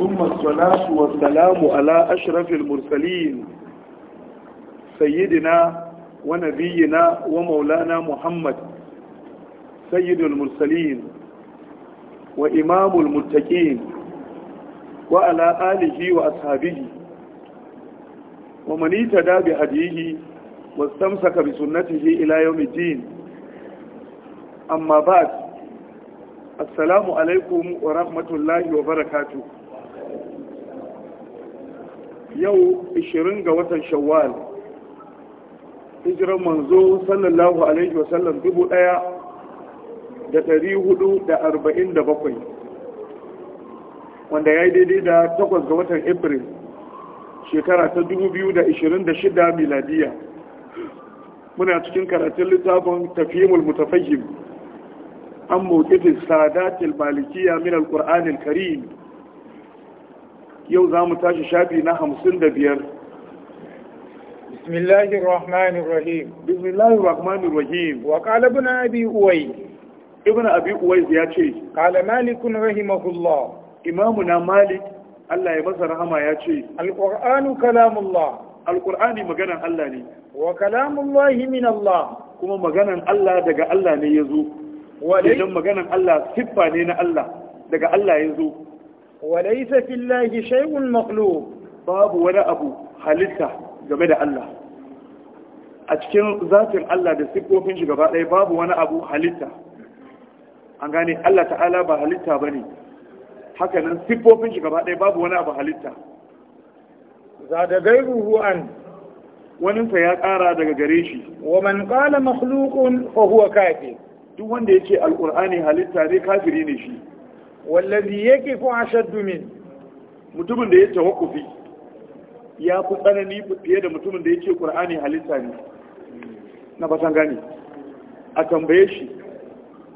ثم الصلاة والسلام على أشرف المرسلين سيدنا ونبينا ومولانا محمد سيد المرسلين وإمام المتقين وعلى آله وأصحابه ومن اهتدى بهديه واستمسك بسنته إلى يوم الدين أما بعد السلام عليكم ورحمة الله وبركاته yau 20 ga watan shawwal hijiran manzo sallallahu alaihi wasallam dubu daya da dari hudu da arba'in da bakwai wanda ya yi daidai da takwas ga watan april shekara ta dubu biyu da ishirin da shida miladiya muna cikin karatun littafin tafiyimul mutafahim an mawukitin sadatil malikiya min alkur'anil karim yau za mu tashi shafi na hamsin da biyar bismillahir rahmanir rahim rahim wa qala ibn abi uwai ibn abi uwai ya ce qala malik rahimahullah imamuna malik Allah ya masa rahama ya ce alqur'anu kalamullah alqur'ani maganan Allah ne wa kalamullahi min Allah kuma maganan Allah daga Allah ne ya zo idan maganan Allah siffa ne na Allah daga Allah ya zo وليس في الله شيء مخلوق باب ولا أبو halitta game da Allah a cikin zatin Allah da siffofin shi gaba ɗaya babu wani abu halitta an gane Allah ta'ala ba halitta ba ne hakanan siffofin shi gaba ɗaya babu wani abu halitta za da an waninsa ya ƙara daga gare shi wa man ƙala makhluqun fa huwa kafir duk wanda yake alqur'ani halitta ne kafiri ne shi wallazi yake fi ashaddu min mutumin da ya tawakkufi ya fi tsanani fiye da mutumin da ya qur'ani halitta ne na fatan gani a tambaye shi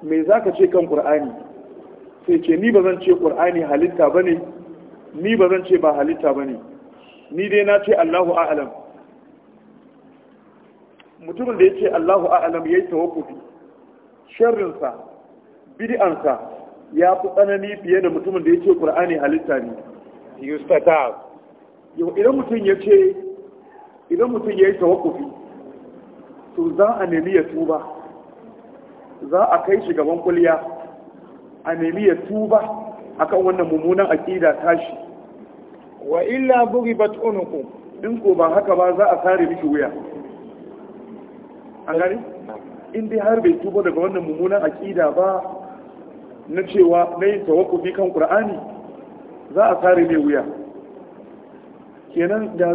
me zaka ce kan qur'ani sai ce ni ba zan ce qur'ani halitta bane ni ba zan ce ba halitta bane ni dai na ce Allahu a'lam mutumin da ya ce Allahu a'lam yayi tawakkufi sharrinsa bid'ansa ya fi tsanani fiye da mutumin da ya ce ƙur'ani halitta ne out. yau idan mutum ya ce idan mutum ya yi tawakkufi to za a nemi ya tuba za a kai shi gaban kuliya, a nemi ya tuba a kan wannan mummunan aƙida tashi wa illa bughibat unuqu in ko ba haka ba za a sare miki wuya an gani in dai har bai tuba daga wannan mummunan aƙida ba na cewa na yin tawakufi kan ƙur'ani za a kare mai wuya kenan da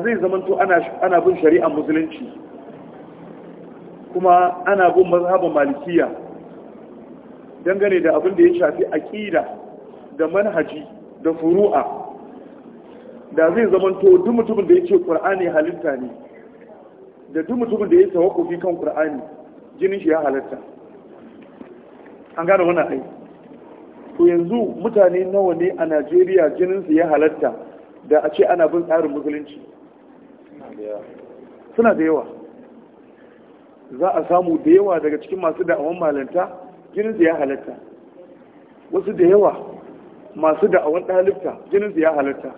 zai to ana bin shari'ar musulunci kuma ana bin mazhaban malikiya dangane da abin da ya shafi aƙida da manhaji da furu'a da zai to duk mutumin da ya ce ƙur'ani halitta ne da duk mutumin da ya tawakufi kan ƙur'ani jinin shi ya halatta an gane wannan ai to yanzu mutane nawa ne a Najeriya jininsu ya halatta da a ce ana bin tsarin musulunci suna da yawa za a samu da yawa daga cikin masu da'awan malanta jininsu ya halatta wasu da yawa masu da'awan ɗalibta jininsu ya halatta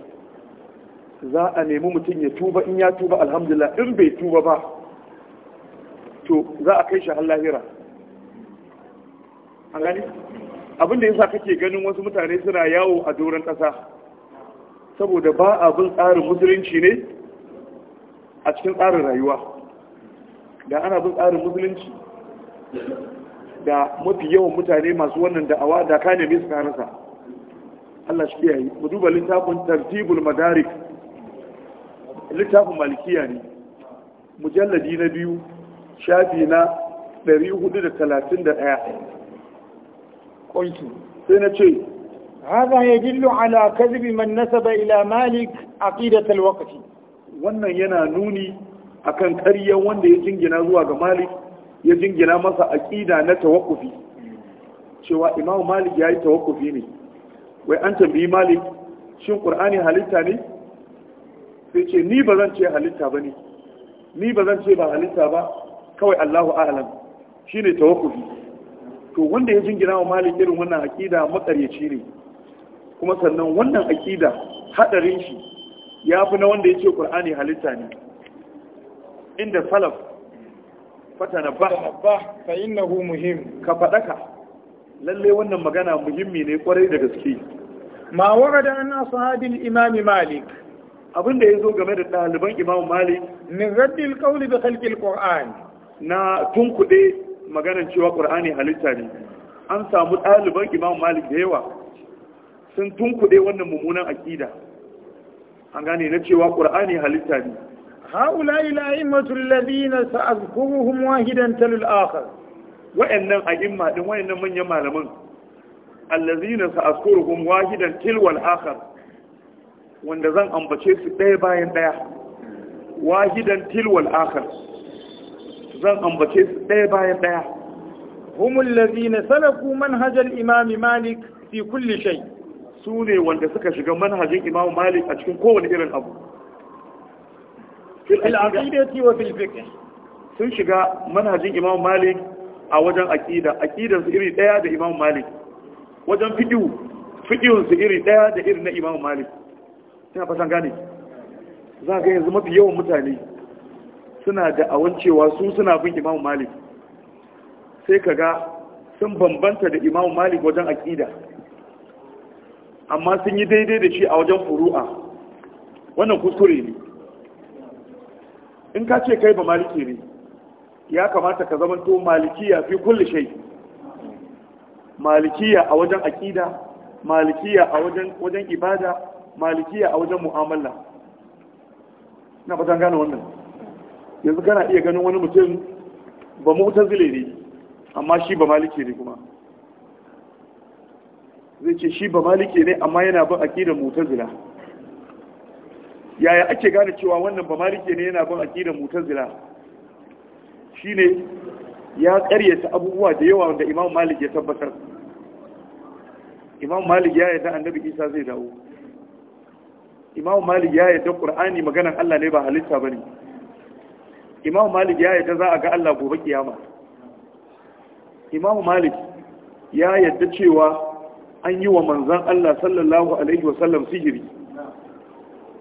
za a nemi mutum ya tuba in ya tuba alhamdulillah in bai tuba ba to za a kai shi har lahira an gani abinda yasa kake ganin wasu mutane suna yawo a doron ƙasa saboda ba abin tsarin musulunci ne a cikin tsarin rayuwa da ana bin tsarin musulunci da mafi yawan mutane masu wannan da'awa da ka mai su karasa Allah shi yi. mu duba littafin tartibul madarik littafin malikiya ne mujalladi na biyu shafi na 431 qultu sai na ce hadha yadullu ala kadhibi man nasaba ila malik aqidat al-waqf wannan yana nuni akan ƙaryan wanda ya jingina zuwa ga malik ya jingina masa aqida na tawakkufi cewa imamu malik ya yi tawakkufi ne wai an tambayi malik shin qur'ani halitta ne sai ce ni ba zan ce halitta ba ne ni ba zan ce ba halitta ba kawai allahu alam shine tawakkufi to wanda ya jingina wa malik irin wannan akida makaryaci ne kuma sannan wannan akida hadarin shi ya fi na wanda ya ce ƙul'ani halitta ne inda salaf na ba fa hu muhim ka ka. lalle wannan magana muhimmi ne kwarai da gaske ma warada an ashabil imami malik abinda zo game da ɗaliban imam malik min raddil qawli da khalqil qur'an na tunkuɗe maganar cewa ƙur'ani halitta ne an samu ɗaliban imam malik da yawa sun tunkuɗe wannan mummunan aƙida an gane na cewa ƙur'ani halitta ne haula ila immatul ladina sa'azkuruhum wahidan talul akhar wa'annan a'imma din wa'annan manyan malaman allazina sa'azkuruhum wahidan tilwal wanda zan ambace su ɗaya bayan ɗaya wahidan tilwal zan ambace su ɗaya bayan ɗaya humul ladina salaku manhajar imami malik fi kulli shai su ne wanda suka shiga manhajin imamu malik a cikin kowane irin abu fil wa fil sun shiga manhajin imamu malik a wajen aƙida, aqidan su iri ɗaya da imamu malik wajen fiqh fiqhun su iri ɗaya da irin na imamu malik ina fatan gane za ga yanzu mafi yawan mutane suna da awancewa su suna bin imamu malik sai ka ga sun bambanta da imamu malik wajen aƙida amma sun yi daidai da shi a wajen furu'a wannan kuskure ne in ka ce kai ba maliki ne ya kamata ka to malikiya fi kulle shai malikiya a wajen aƙida malikiya a wajen ibada malikiya a wajen mu'amala na zan gane wannan yanzu gana iya ganin wani mutum ba zile ne amma shi ba maliki ne kuma zai ce shi ba maliki ne amma yana bin mutar zila. yaya ake gane cewa wannan ba maliki ne yana bin zila? Shi ne ya karyata abubuwa da yawa wanda Imam Malik ya tabbatar Imam Malik ya yadda Annabi Isa zai dawo Imam Malik ya yadda ƙur'ani maganan Allah ne ba halitta ba ne. Imamu malik ya yadda za a ga Allah gobe kiyama Imamu malik ya yadda cewa an yi wa manzan Allah sallallahu alaihi wa sihiri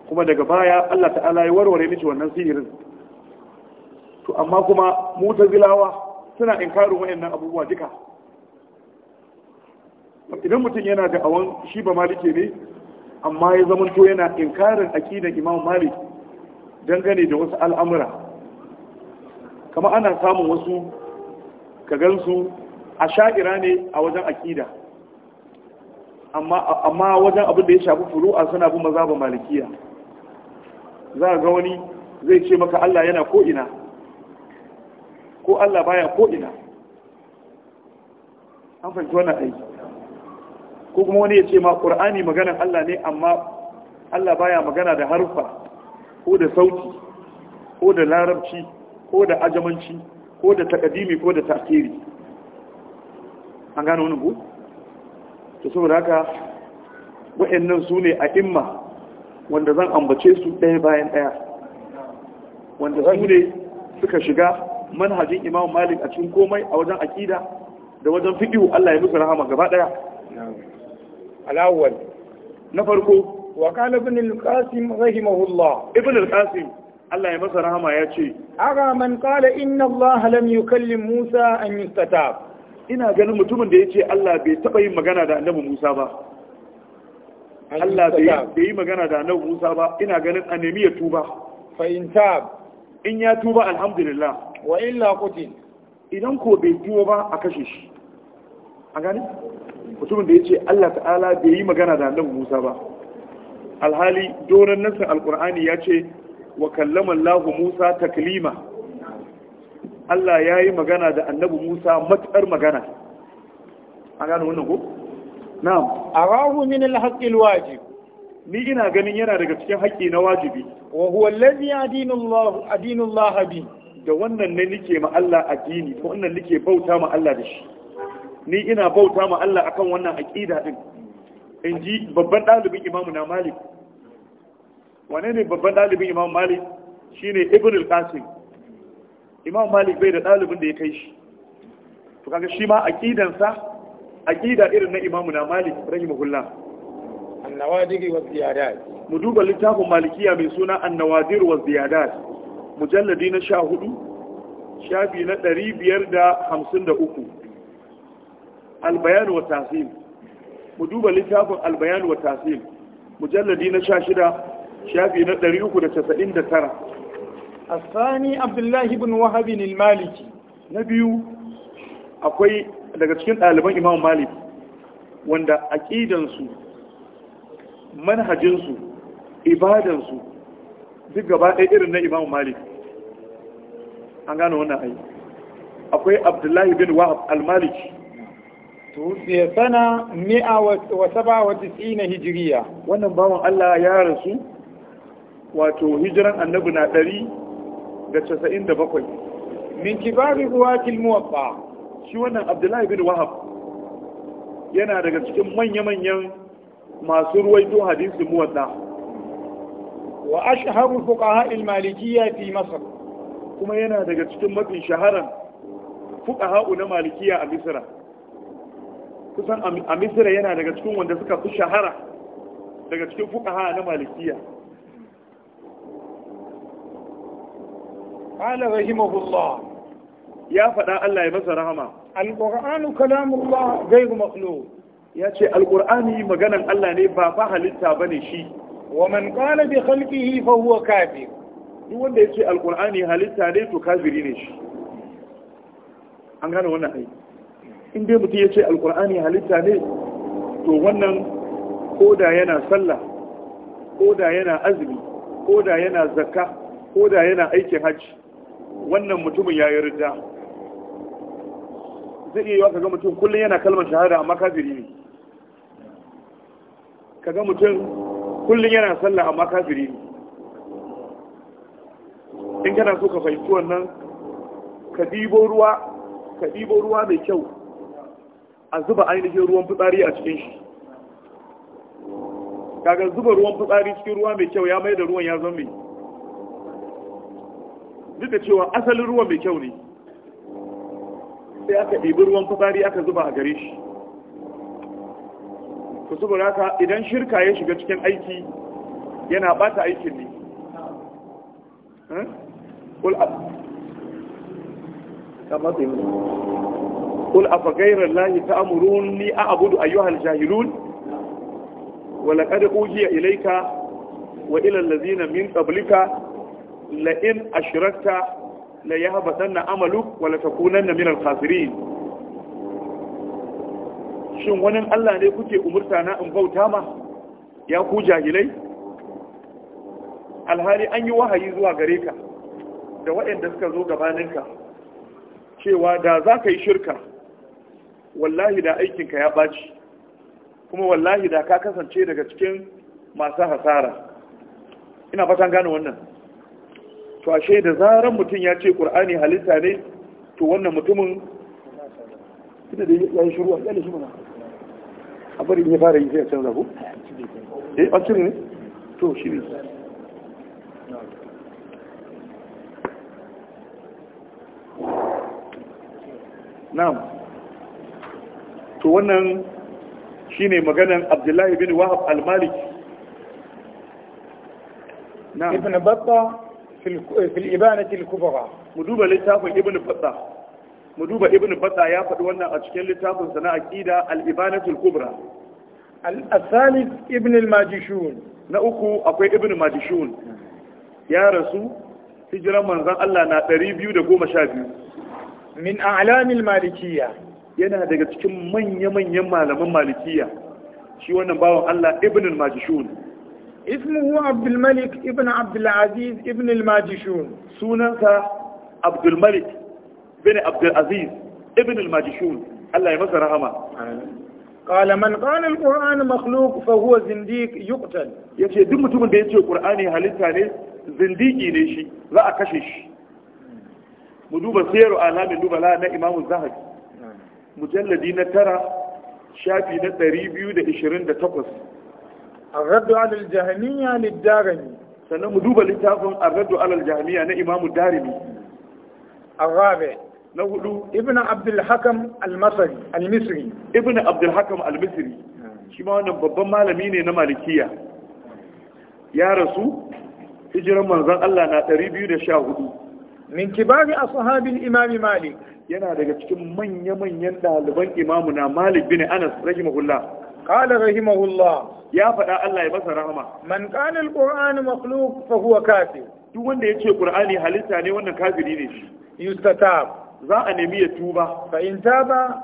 kuma daga baya Allah ta'ala ya warware mishi wannan sihirin to amma kuma zilawa suna inkarin wayannan abubuwa duka idan mutum yana da awon shi ba malike ne amma ya zamanto yana inkarin akidan Imamu malik dangane da wasu al'amura kamar ana samun wasu ka gansu a sha'ira ne a wajen akida amma wajen abin da ya shafi furu'a suna bin maza ba malikiya za ga wani zai ce maka Allah yana ko'ina ko Allah baya ko'ina an fahimci wannan aiki ko kuma wani ya ce ma ƙur'ani maganan Allah ne amma Allah baya magana da harfa ko da sauti ko da larabci ko da ajamanci ko da takadimi ko da tasiri an gano wani ku ta saboda haka su ne a imma wanda zan ambace su ɗaya bayan ɗaya wanda su ne suka shiga manhajin Imam Malik a cikin komai a wajen aƙida da wajen fiqh Allah ya musu rahama gaba ɗaya al na farko wa qala ibn al-qasim rahimahullah ibn al-qasim Allah ya masa rahama ya ce ara man qala inna Allah lam yukallim Musa an yustatab ina ganin mutumin da ya ce Allah bai taɓa yin magana da annabi Musa ba Allah bai yi magana da annabi Musa ba ina ganin a nemi ya tuba fa in tab in ya tuba alhamdulillah wa illa qutil idan ko bai tuba ba a kashe shi an gane mutumin da ya ce Allah ta'ala bai yi magana da annabi Musa ba alhali doron nan alqur'ani ya ce wa kallama Allah Musa taklima Allah ya yi magana da annabi Musa matsar magana an gano wannan ku? na'am arahu min al-haqqi al-wajib ni ina ganin yana daga cikin haƙƙi na wajibi wa huwa allazi adinu Allah Allah bi da wannan ne nike ma Allah addini to wannan nike bauta ma Allah da shi ni ina bauta ma Allah akan wannan aqida din inji babban dalibin imamu na Malik wane ne babban ɗalibin imam malik shine ibn al-qasim imam malik bai da ɗalibin da ya kai shi to kaga shi ma aqidansa aqida irin na imam na malik rahimahullah an-nawadir wa ziyadat mu duba littafin malikiya mai suna an-nawadir wa ziyadat mujalladi na 14 shafi na 553 al-bayan wa tafsir mu duba littafin al-bayan wa tafsir mujalladi na 16 shafi na 399 asani abdullahi ibn wahab al-maliki na biyu akwai daga cikin ɗaliban imam malik wanda aƙidansu manhajinsu ibadansu duk gaba ɗaya irin na imam malik an gano wannan ayi akwai abdullahi bin wahab al-maliki tuwusiya mi'a wa saba hijiriya wannan bawan allah ya rasu wato hijiran annabi na ɗari da casa'in da bakwai min kibari ruwa muwaffa shi wannan abdullahi bin wahab yana daga cikin manya-manyan masu ruwaito hadisi muwadda wa ashharu fuqaha al-malikiyya fi masar kuma yana daga cikin mafi shaharan fuqaha na malikiyya a misra kusan a misra yana daga cikin wanda suka fi shahara daga cikin fuqaha na malikiyya qala rahimahullah ya faɗa Allah ya masa rahama alqur'anu kalamullah ghayru makhluq ya ce Alƙur'ani maganan Allah ne ba fa halitta bane shi wa man qala bi khalqihi fa huwa kafir duk wanda ya ce alqur'ani halitta ne to kafiri ne shi an gane wannan ai in dai mutum ya ce alqur'ani halitta ne to wannan koda yana sallah koda yana azumi koda yana zakka koda yana aikin hajji wannan mutumin ya yi rida zai iya yi wa kaga mutum kullum yana kalmar shahada amma kafiri ne kaga mutum kullum yana sallah amma kafiri ne in kana so ka fahimci wannan ka ɗibo ruwa ka ɗibo ruwa mai kyau a zuba ainihin ruwan fitsari a cikin shi kaga zuba ruwan fitsari cikin ruwa mai kyau ya mai da ruwan ya zama mai duk cewa asalin ruwa mai kyau ne sai aka ɗibi ruwan fitsari aka zuba a shi ku saboda ka idan shirka ya shiga cikin aiki yana bata aikin ne ƙul a faƙairar lahi ta amurun ni a abudu ayyuhal jahilun wala ƙada ƙugiya ilaika wa ilallazi na min ƙablika la'in ashirakta la ya haɓatan na amaluk wala ta kunan na minar shin wani allah ne kuke umurta na in bauta ma ya ku jahilai Alhari an yi wahayi zuwa gare ka da waɗanda suka zo gabaninka cewa da za ka yi shirka wallahi da aikinka ya ɓaci kuma wallahi da ka kasance daga cikin masu hasara ina fatan gane wannan to ashe da zaran mutum ya ce qur'ani halitta ne to wannan mutumin kina da ya yi shiru a kalle shi mana a bari in ya fara yi sai a can zafu eh an cire ne to shi ne na'am to wannan shine maganan Abdullahi bin Wahab al malik na'am ibn Battah Eh, fil ibanati al-kubra mu duba littafin ibnu fatta mu duba ibnu ya faɗi wannan a cikin littafin sa na aqida al-ibanati al-kubra al-asalib ibn al-majishun na uku akwai ibnu majishun ya rasu hijiran manzon Allah na 212 min a'lamil malikiyya yana daga cikin manya-manyan malaman malikiya shi wannan bawan Allah ibn al-majishun ismuhu abdulmalik ibn abdulaziz ibn almajishun sunansa abdulmalik bin abdulaziz ibn almajishun Allah ya masa rahama قال من قال القرآن مخلوق فهو زنديق يقتل yace duk mutumin da ce Qur'ani halitta ne zindigi ne shi za a kashe shi mu duba sayru alamin dubala na Imam Zahabi mujalladi na tara shafi na 228 الرد على الجهمية للدارمي sannan mu duba littafin arraddu alal jami'a na imamu darimi arabe na hudu ibn abdul hakam al-masri al-misri ibn abdul hakam al-misri shi ma babban malami ne na malikiya ya rasu hijiran manzon Allah na 214 min kibari ashabil imam malik yana daga cikin manya-manyan ɗaliban imamu na malik bin anas rahimahullah qala rahimahullah ya faɗa Allah ya basa Rahma. man qala alqur'anu makhluq fa huwa kafir duk ya ce qur'ani halitta ne wannan kafiri ne shi yustatab za a nemi ya tuba fa in taba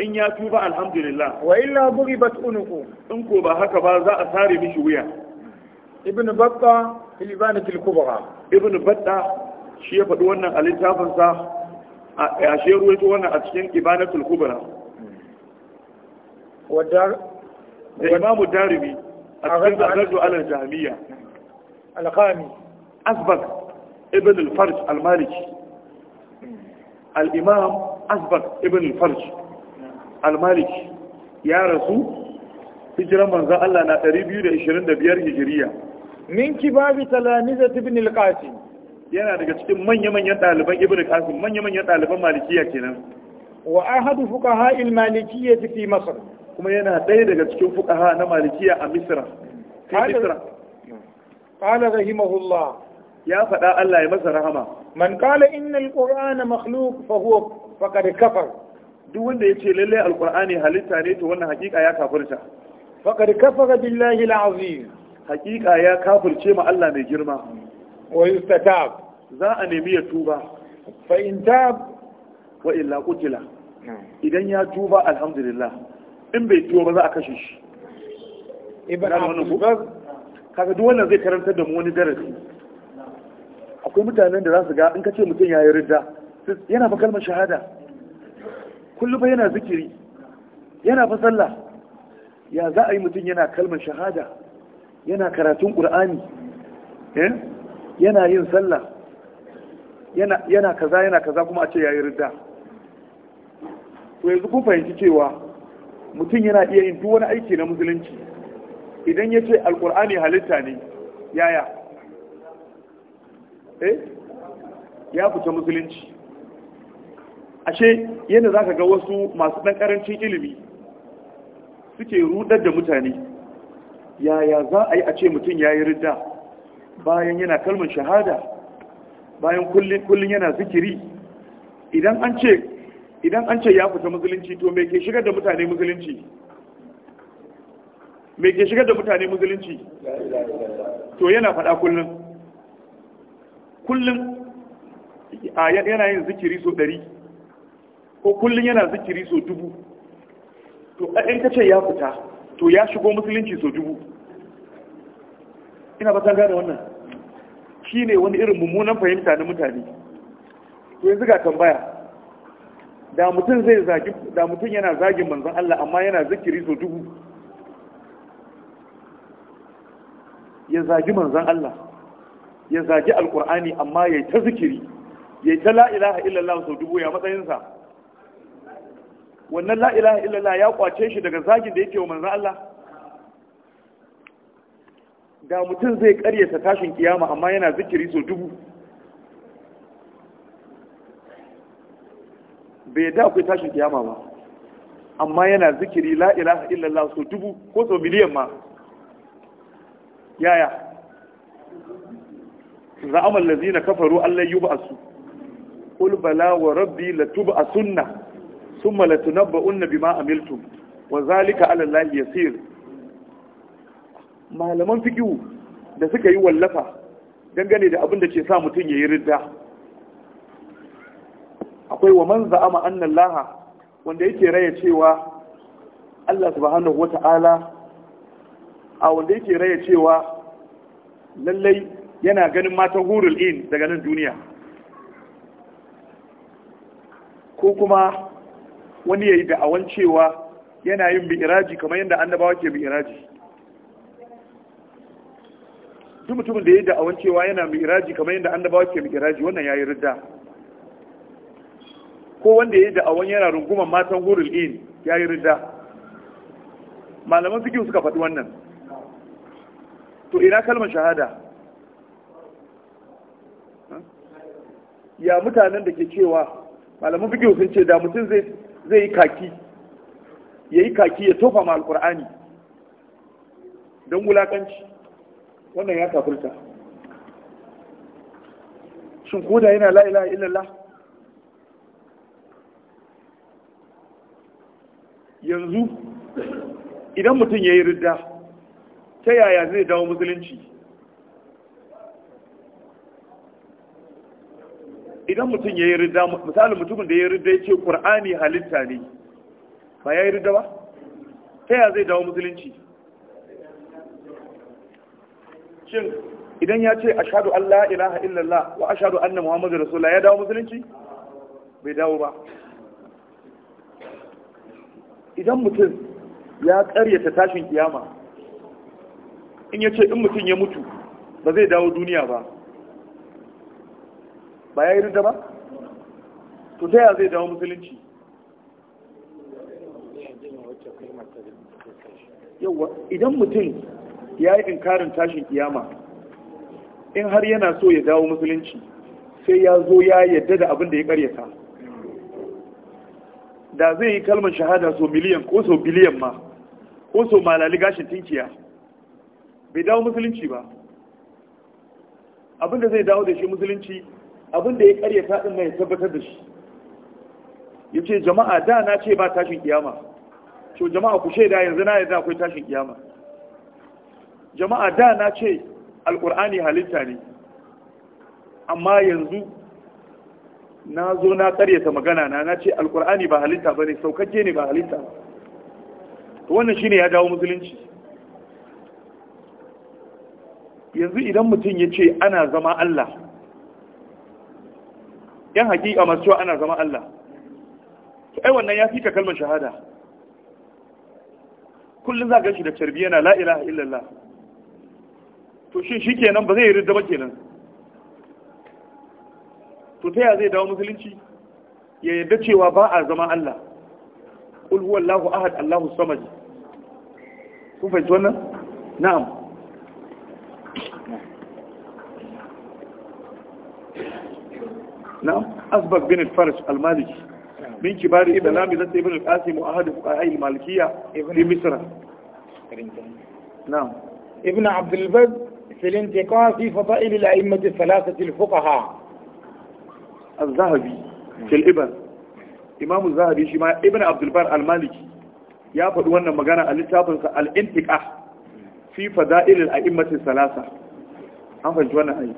in ya tuba alhamdulillah wa illa bughibat unuqu in ko ba haka ba za a sare mishi wuya ibn batta filibanat al-kubra ibn batta shi ya faɗi wannan a littafinsa a shi ya ruwaito a cikin ibanatul kubra da imamu darimi a cikin zardu alal jami'a alkhami asbak ibn al-farj al-maliki al-imam asbak ibn al-farj al-maliki ya rasu hijiran manzon Allah na 225 hijiriya min kibabi talanizat ibn al-qasim yana daga cikin manya-manyan ɗaliban ibn qasim manya-manyan ɗaliban malikiya kenan wa ahadu fuqaha al ya fi masar kuma yana ɗaya daga cikin fukaha na malikiya a misra a misra rahimahullah ya faɗa Allah ya masa rahama man qala inna alqur'ana makhluq fa huwa faqad kafar duk wanda yace lalle ƙurani halitta ne to wannan haƙiƙa ya kafirta faqad kafara billahi alazim Haƙiƙa ya kafirce ma Allah mai girma wa yustatab za a nemi ya tuba fa in tab wa illa qutila idan ya tuba alhamdulillah in bai ciwo ba za a kashe shi eh, ibn ah, abdulbar kaga duk wannan zai karantar da mu wani darasi akwai mutanen da za su ga in ka ce mutum ya yi ridda yana ba kalmar shahada kullum ba yana zikiri yana fa sallah ya za a yi mutum yana kalmar shahada yana karatun ƙur'ani? Eh? yana yin sallah yana kaza yana kaza kuma a ce ya yi ridda to yanzu kun fahimci cewa mutum yana iya yin duk wani aiki na musulunci idan ya ce alkur'ani halitta ne yaya eh ya fita musulunci ashe yadda za ka ga wasu masu ɗan ƙarancin ilimi suke rudar da mutane yaya za a yi a ce mutum ya yi ridda bayan yana kalmar shahada bayan kullum yana zikiri idan an ce idan an ce ya fita musulunci to me ke shigar da mutane musulunci me ke shigar da mutane musulunci to yana faɗa kullum kullum yana yin zikiri so ɗari ko kullum yana zikiri so dubu to ɗan kace ya fita to ya shigo musulunci so dubu ina batan gane wannan shi ne wani irin mummunan fahimta na mutane to yanzu ga tambaya da mutum zai zagi da mutum yana zagin manzon Allah amma yana zikiri so dubu ya zagi manzon Allah ya zagi alkur'ani amma ya ta zikiri ya ta la ilaha illallah so dubu ya matsayinsa wannan la ilaha illallah ya kwace shi daga zagin da yake wa manzon Allah da mutum zai karyata tashin kiyama amma yana zikiri so dubu bai da akwai tashin kiyama ba amma yana zikiri la ilaha illallah so dubu ko so miliyan ma yaya za'amal lazina kafaru Allah yub'asu qul bala wa rabbi latub'asunna thumma latunabba'unna bima amiltum wa zalika 'ala Allah yasir malaman fikihu da suka yi wallafa dangane da abin da ke sa mutum ya yi ridda akwai wa man za'ama annan laha wanda yake raya cewa Allah subhanahu ta'ala a wanda yake raya cewa lallai yana ganin matan hurul in daga nan duniya ko kuma wani ya yi da'awan cewa yana yin bi'iraji kamar yadda annabawa ke bi'iraji duk mutumin da ya yi da'awan cewa yana mi'iraji kamar yadda annabawa ke mi'iraji wannan ya yi ridda ko wanda ya yi awon yana runguman matan gurul in ya yi rida malaman fikiyu suka faɗi wannan to ina kalmar shahada ya mutanen da ke cewa malaman fikiyu sun ce da mutum zai yi kaki ya yi kaki ya tofa ma alkur'ani don wulakanci wannan ya kafurta shin koda yana la'ila illallah yanzu idan mutum ya yi ridda ta yaya zai dawo musulunci idan mutum ya yi ridda misali mutumin da ya yi ridda ya ce ƙur'ani halitta ne ba ya yi ridda ba ta yaya zai dawo musulunci shin idan ya ce a shaɗu Allah ilaha illallah wa shaɗu annan muhammadu rasulullah ya dawo musulunci bai dawo ba idan mutum ya karyata tashin kiyama in ya ce in mutum ya mutu ba zai dawo duniya ba ba ya yi rinda ba? to ta yaya zai dawo musulunci yawa idan mutum ya yi inkarin tashin kiyama in har yana so ya dawo musulunci sai ya zo ya yadda da abin da ya karyata da zai yi kalmar shahada so miliyan ko so biliyan ma ko so malali gashin tinkiya bai dawo musulunci ba abinda zai dawo da shi musulunci abinda ya karya taɗin mai tabbatar da shi ya ce jama'a da na ce ba tashin kiyama to jama'a ku shaida yanzu na yanzu akwai tashin kiyama jama'a da na ce alƙur'ani halitta ne amma yanzu na zo na karyata magana na na ce alkur'ani ba halitta ba ne saukakke ne ba halitta ba to wannan shine ya dawo musulunci yanzu idan mutum ya ce ana zama Allah yan hakika masu cewa ana zama Allah to ai wannan ya fika kalmar shahada kullum za ga shi da carbi yana la ilaha illallah to shi kenan ba zai yi ridda ba kenan to ta yaya zai dawo musulunci ya yadda cewa ba a zama Allah qul huwallahu ahad Allahu samad kun fahimci wannan na'am na'am Asbak bin al-faris al-maliki min kibar ibn zai ibn al-qasim wa ahad fuqaha al-malikiyya ibn misra na'am ibn abd al-baz في الانتقاء في فضائل الأئمة الثلاثة الفقهاء az-zahabi fil ibar imamu zahabi shi ma ibn abdulbar al-maliki ya faɗi wannan magana a littafinsa al-intiqa fi fada'il al-a'immatin salasa an fahimci wannan ayi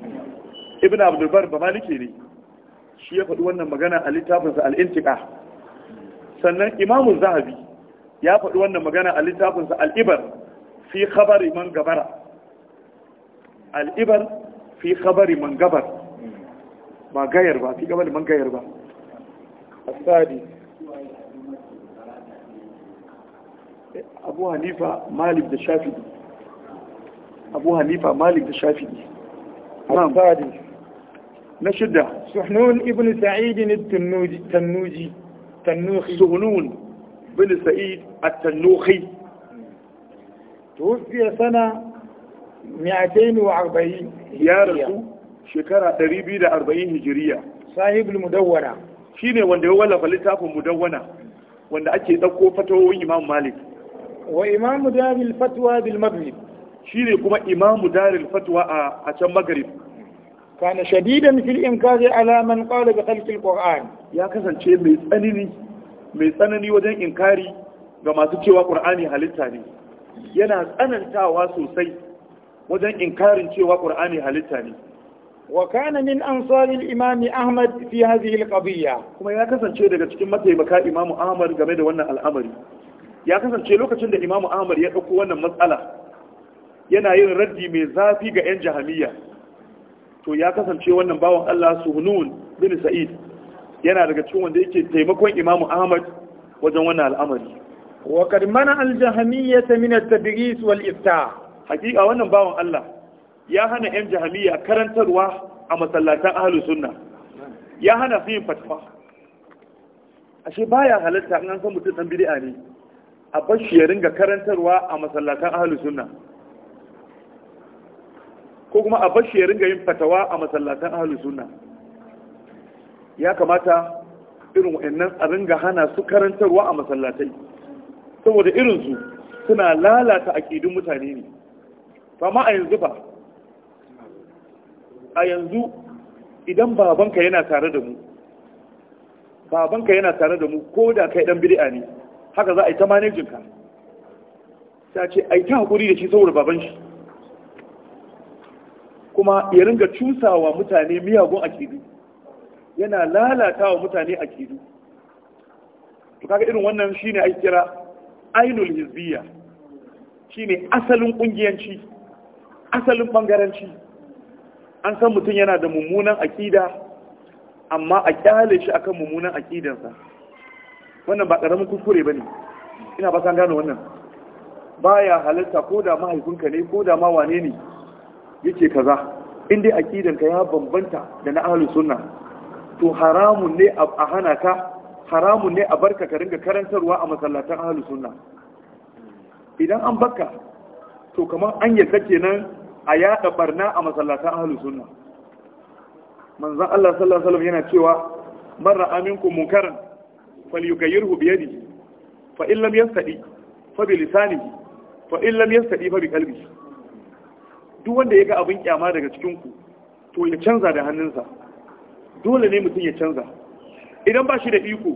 ibn abdulbar ba maliki ne shi ya fadi wannan magana a littafinsa al-intiqa sannan imamu zahabi ya fadi wannan magana a littafinsa al-ibar fi khabari man gabara al-ibar fi khabari man gabara ba gayar ba fi gaba da man gayar ba asadi abu hanifa malik da shafi abu hanifa malik da shafi asadi na shidda suhnun ibn sa'id at-tannuji tannuji tannuhi suhnun ibn sa'id at-tannuhi توفي سنة 240 يا رسول shekara 240 hijiriya sahibul mudawwara shine wanda ya wallafa littafin mudawwana wanda ake dauko fatawoyin imam malik wa imam daril fatwa bil maghrib shine kuma imam daril fatwa a can maghrib kana shadidan fil inkazi ala man qala bi al qur'an ya kasance mai tsanani mai tsanani wajen inkari ga masu cewa qur'ani halitta ne yana tsanantawa sosai wajen inkarin cewa qur'ani halitta ne وكان من أنصار الإمام أحمد في هذه القضية كما يا كسان daga cikin mataimaka Imam Ahmad game da wannan al'amari ya kasance lokacin da Imam Ahmad ya dauko wannan matsala yana yin raddi mai zafi ga 'yan jahamiyya to ya kasance wannan bawan Allah Suhunun bin Sa'id yana daga cikin wanda yake taimakon Imam Ahmad wajen wannan al'amari wa kad mana al-jahmiyyah min at-tadris wal-ifta hakika wannan bawan Allah ya hana 'yan jahamiya karantarwa a masallatan ahalus sunna ya hana su yin fatwa ashe baya halatta an san mutum dan bid'a ne a bar shi ya ringa karantarwa a masallatan ahalus sunna ko kuma a bar shi ya ringa yin fatawa a masallatan ahalus sunna ya kamata irin wa'annan a ringa hana su karantarwa a masallatai saboda irinsu suna lalata aƙidin mutane ne fama a yanzu ba a yanzu idan babanka yana tare da mu babanka yana tare da mu ko da kai dan bid'a ne haka za a yi ta manejin ka ta ce a yi ta hakuri da shi saboda baban shi kuma ya ringa cusawa mutane miyagun akidu yana lalata wa mutane akidu to kaga irin wannan shine ake kira ainul hizbiya shine asalin kungiyanci asalin bangaranci an san mutum yana da mummunan akida amma a kyale shi akan mummunan akidansa wannan ba ƙaramin kuskure ba ne ina ba san gano wannan Ba ya halitta, ko da mahaifinka ne ko da ma wane ne yake kaza in dai akidanka ya bambanta da na ahalin sunna to haramun ne a hana ka haramun ne a barka ka ringa karantarwa a masallatan ahalin sunna idan an barka to kamar an yadda kenan a yada barna a masallatan ahlus sunna manzon Allah sallallahu alaihi wasallam yana cewa man ra'a minkum munkaran falyughayyirhu bi yadihi fa in lam yastadi fa bi lisanihi fa in lam yastadi fa bi qalbihi duk wanda yaga abin kyama daga cikin ku to ya canza da hannunsa dole ne mutum ya canza idan ba shi da iko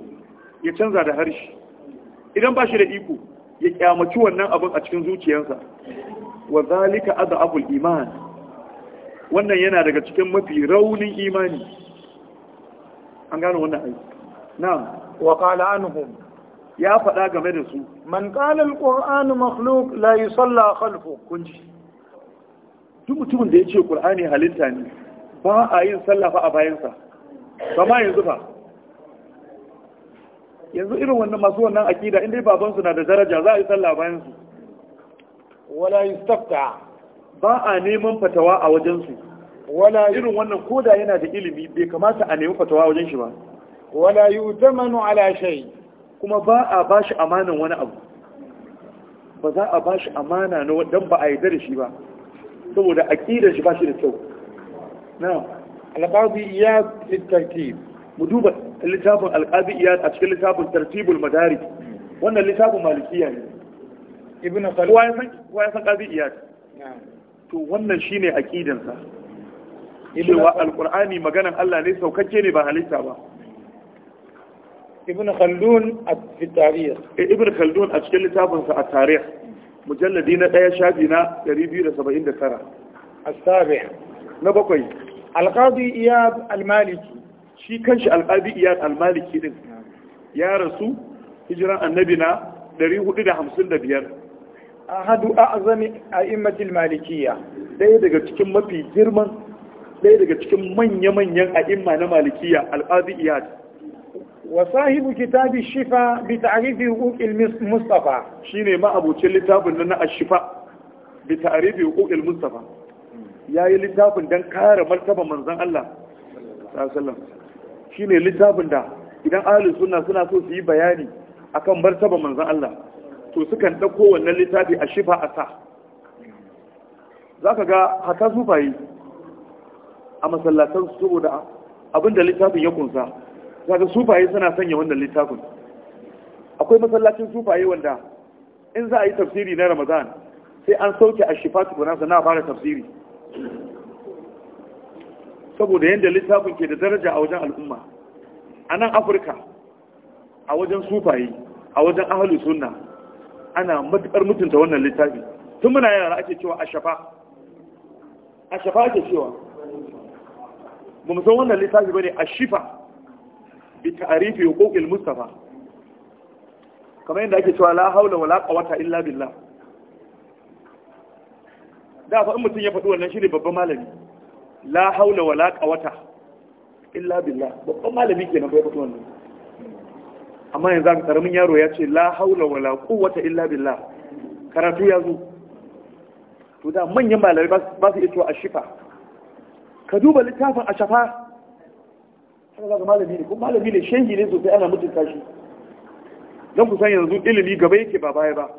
ya canza da harshe idan ba shi da iko ya kyamaci wannan abin a cikin zuciyarsa wa zalika adabul iman wannan yana daga cikin mafi raunin imani an gano wannan aiki na'am wa qala ya faɗa game da su man qala alqur'anu makhluq la yusalla khalfu kunji duk mutumin da ya ce qur'ani halitta ne ba a yin sallah fa a bayansa ba yanzu ba yanzu irin wannan masu wannan akida in dai babansu na da daraja za a yi sallah bayansu wala yustafta ba a neman fatawa a wajensu wala irin wannan koda yana da ilimi bai kamata a nemi fatawa wajen shi ba wala yutamanu ala shay kuma ba a bashi amanan wani abu ba za a bashi amana na dan ba a yarda da shi ba saboda aqidar shi ba shi da kyau na al ya iyad litartib mu duba littafin al a cikin littafin tartibul madarik wannan littafin malikiya ne ibn Khalid kowa ya san kowa ya san Qazi Iyad to wannan shine aqidan sa cewa alqur'ani maganan Allah ne saukakke ne ba halitta ba ibn Khaldun a tarikh eh, ibn Khaldun a cikin littafin sa at-tarikh mujalladi na 1 shafi na 279 as-sabi na bakwai alqadi Iyad al-Maliki shi kanshi alqadi Iyad al-Maliki din ya rasu hijiran annabi na 455 ahadu a'zami a'immatil malikiyya ɗaya daga cikin mafi girman ɗaya daga cikin manya-manyan a imma na malikiya al'adu iyad wa sahibu kitabi shifa bi ta'rifi huquqil mustafa shine ma abucin littafin na shifa, bi ta'rifi huquqil mustafa yi littafin don kare martaba manzon Allah sallallahu shine littafin da idan ahlus sunna suna so su yi bayani akan martaba manzon Allah to sukan ɗauko wannan littafi a shifa a sa za ka ga haka sufaye a masallatan su saboda abinda littafin ya kunsa za ka sufaye suna sanya wannan littafin akwai masallacin sufaye wanda in za a yi tafsiri na ramadan sai an sauke a shifa tukunansa na fara tafsiri saboda yadda littafin ke da daraja a wajen al'umma a nan afirka a wajen sufaye a wajen ahalusunna ana matukar mutunta wannan littafi tun muna yara ake cewa a shafa. A shafa ake cewa ba mu san wannan littafi ba ne bane ashifa bi ta'rifi ko ilmustafa. kamar yadda ake cewa la haula wala quwwata illa billah da fa in mutum ya faɗi wannan shi babban malami la haula wala quwwata illa billah babban malami kenan bai faɗi wannan amma yanzu aka karamin yaro ya ce la haula wala quwwata illa billah karatu ya zo to da manyan malamai ba su iya a shifa. ka duba littafin ashafa haka za ka malami ne ko malami ne shehi ne sosai ana mutunta shi don ku san yanzu ilimi gaba yake ba baya ba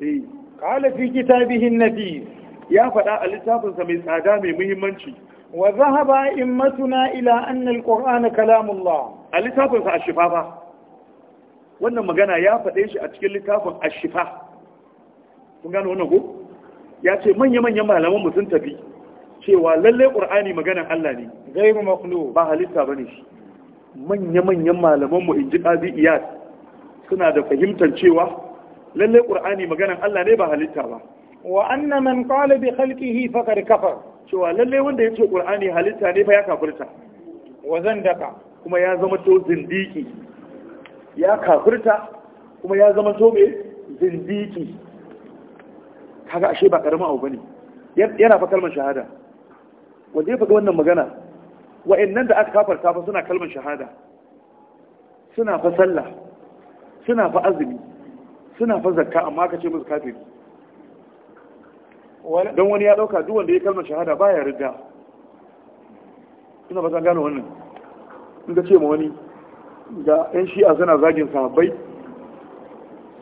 eh qala fi kitabihi an-nafi ya faɗa a littafinsa mai tsada mai muhimmanci wa zahaba immatuna ila anna al-qur'ana kalamullah a littafinsa shifa ba wannan magana ya faɗe shi a cikin littafin ashifa kun gano wannan ko ya ce manya-manyan malaman mu sun tafi cewa lallai ƙur'ani maganan Allah ne gairu maƙulu ba halitta ba ne shi manya-manyan malaman mu ji qazi iyas suna da fahimtar cewa lallai ƙur'ani maganan Allah ne ba halitta ba wa anna man qala bi khalqihi faqad kafar cewa lallai wanda yace ƙur'ani halitta ne fa ya kafirta wa zandaka kuma ya zama to zindiki ya kafirta kuma ya zama to mai zindiki kaga ashe ba karamin abu bane yana fa kalmar shahada wanda ya faga wannan magana wa'annan da aka kafarta fa suna kalmar shahada suna fa sallah suna fa azumi suna fa zakka amma ka ce musu kafiri don wani ya dauka duk wanda ya kalmar shahada baya ridda. ina ba san gano wannan in ga ce ma wani ga 'yan shi'a suna zagin sahabbai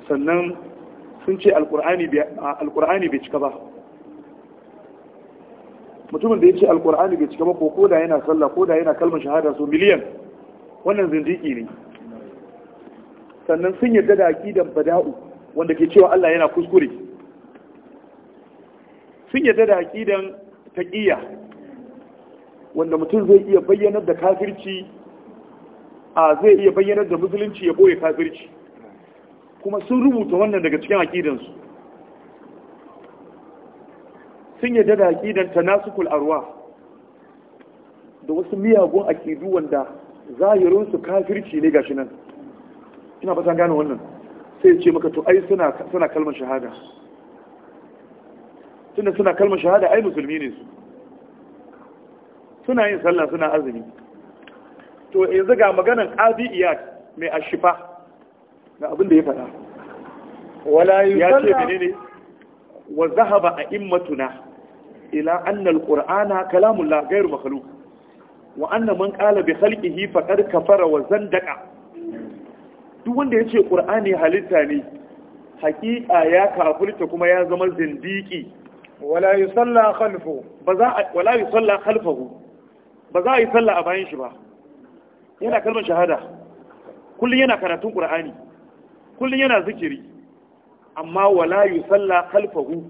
sannan sun ce alkur'ani bai cika ba mutumin da ya ce alkur'ani bai cika ba ko koda yana sallah koda yana kalmar shahada su miliyan wannan zindiki ne sannan sun yarda da aqidan bada'u wanda ke cewa Allah yana kuskure sun yarda da aqidan taƙiyya wanda mutum zai iya bayyanar da kafirci a zai iya bayyanar da musulunci ya boye kafirci kuma sun rubuta wannan daga cikin aƙidansu sun yadda da aƙidan tanasukul arwa da wasu miyagun aƙidu wanda zahirinsu kafirci ne gashi nan ina fatan gane wannan sai ce maka to ai suna kalmar shahada tunda suna kalmar shahada ai musulmi ne su suna yin sallah suna azumi to yanzu ga maganan qadi iyak mai ashifa ga abin da ya faɗa wala ya ce menene wa zahaba a immatuna ila annal alqur'ana kalamullah ghairu makalu wa annan man qala bi faɗar ka kafara wa zandaqa duk wanda ya ce ƙur'ani halitta ne haƙiƙa ya kafulta kuma ya zama zindiki wala yusalla khalfu khalfahu ba za a yi sallah a bayan shi ba yana kalmar shahada kullum yana karatun qur'ani kullum yana zikiri amma wala yusalla khalfahu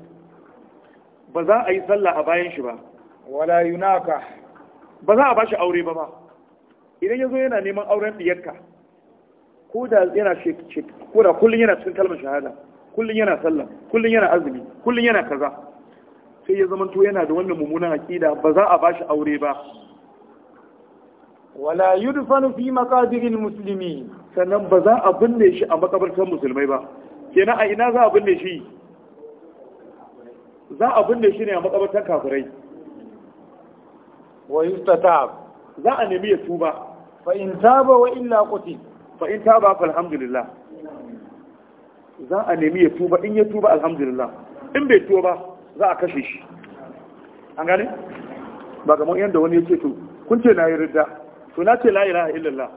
ba za a yi sallah a bayan shi ba wala yunaka ba za a bashi aure ba ba idan yazo yana neman auren diyarka ko da yana kullum yana cikin kalmar shahada kullum yana sallah kullum yana azumi kullum yana kaza sai ya zama to yana da wannan mummunan aƙida. ba za a bashi aure ba wala yudfanu fi maqabiril muslimin sannan ba za a binne shi a makabartar musulmai ba kenan a ina za a binne shi za a binne shi ne a makabartar kafirai wa yustatab za a nemi ya tuba fa in taba wa illa qutil fa in taba fa alhamdulillah za a nemi ya tuba in ya tuba alhamdulillah in bai tuba za a kashe shi an gane ba kamar yadda wani ya ce to kun ce na yi ridda to na ce la ilaha illallah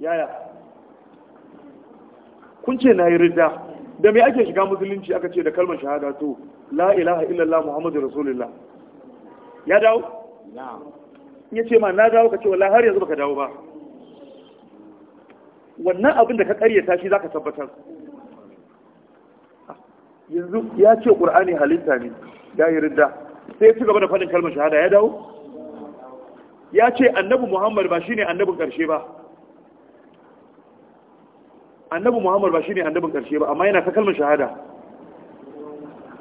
yaya kun ce na yi ridda da me ake shiga musulunci aka ce da kalmar shahada to la ilaha illallah muhammadu rasulullah ya dawo in ya ce ma na dawo ka ce wala har yanzu baka dawo ba wannan abin da ka karyata shi zaka tabbatar yanzu ya ce qur'ani halitta ne ya yi ridda sai ya ci gaba da faɗin kalmar shahada ya dawo ya ce annabi muhammad ba shine annabin karshe ba annabi muhammad ba shine annabin karshe ba amma yana ta kalmar shahada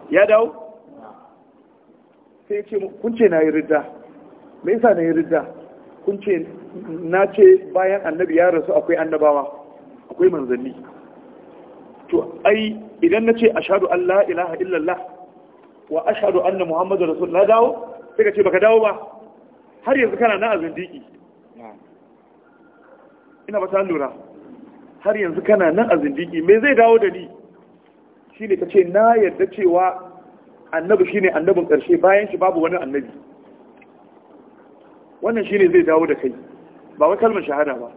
ya dawo sai ce kun ce na yi ridda me yasa na yi ridda kun ce na ce bayan annabi ya rasu akwai annabawa akwai manzanni to ai idan na ce a shaɗu Allah ilaha illallah wa a shaɗu annabi muhammadu rasu na dawo sai ka ce baka dawo ba har yanzu kana na azindiki ina ba lura har yanzu kana nan azindiki me zai dawo da ni ne ka ce na yarda cewa annabi ne annabin karshe bayan shi babu wani annabi wannan shi ne zai dawo da kai ba wa kalmar shahada ba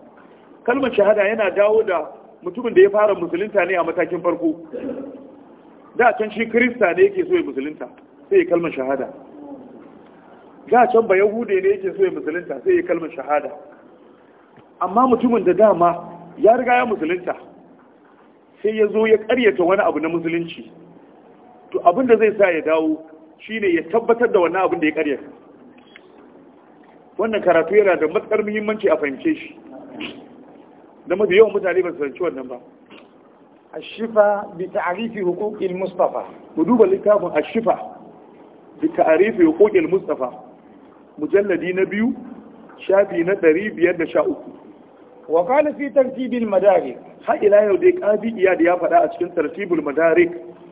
kalmar shahada yana dawo da mutumin da ya fara musulunta ne a matakin farko da can shi kirista ne yake so ya musulunta sai ya kalmar shahada da can ba yahude ne yake so ya musulunta sai ya kalmar shahada amma mutumin da dama ya riga ya musulunta sai ya zo ya karyata wani abu na musulunci to abin da zai sa ya dawo shine ya tabbatar da wannan abin da ya karyata wannan karatu yana da matsar muhimmanci a fahimce shi da mafi yawan mutane ba su fahimci wannan ba الشفاء بتعريف حقوق المصطفى ودوب الكتاب الشفاء بتعريف حقوق المصطفى mujalladi na biyu shafi na ɗari biyar da sha uku wa kana fi tartibin madarik har ila yau dai qadi ya faɗa a cikin tartibul madarik